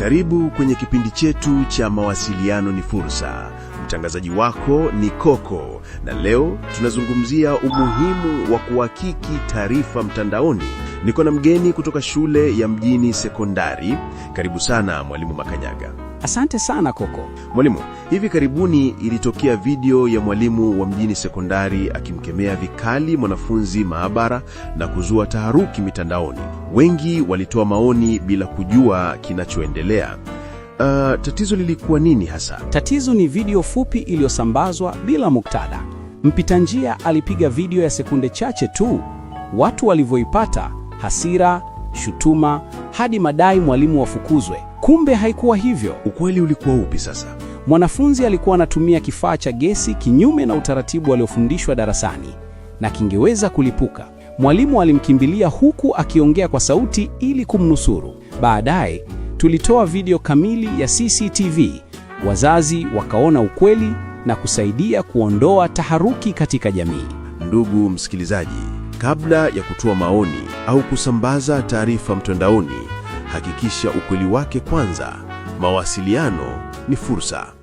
Karibu kwenye kipindi chetu cha Mawasiliano ni Fursa. Mtangazaji wako ni koko na leo tunazungumzia umuhimu wa kuhakiki taarifa mtandaoni. Niko na mgeni kutoka shule ya mjini sekondari. Karibu sana Mwalimu Makanyaga. Asante sana Koko. Mwalimu, hivi karibuni ilitokea video ya mwalimu wa mjini sekondari akimkemea vikali mwanafunzi maabara na kuzua taharuki mitandaoni. Wengi walitoa maoni bila kujua kinachoendelea. Uh, tatizo lilikuwa nini hasa? Tatizo ni video fupi iliyosambazwa bila muktadha. Mpita njia alipiga video ya sekunde chache tu. Watu walivyoipata, hasira, shutuma, hadi madai mwalimu wafukuzwe. Kumbe haikuwa hivyo. Ukweli ulikuwa upi sasa? Mwanafunzi alikuwa anatumia kifaa cha gesi kinyume na utaratibu aliofundishwa darasani na kingeweza kulipuka. Mwalimu alimkimbilia huku akiongea kwa sauti ili kumnusuru. Baadaye tulitoa video kamili ya CCTV. Wazazi wakaona ukweli na kusaidia kuondoa taharuki katika jamii. Ndugu msikilizaji, kabla ya kutoa maoni au kusambaza taarifa mtandaoni hakikisha ukweli wake kwanza. Mawasiliano ni fursa.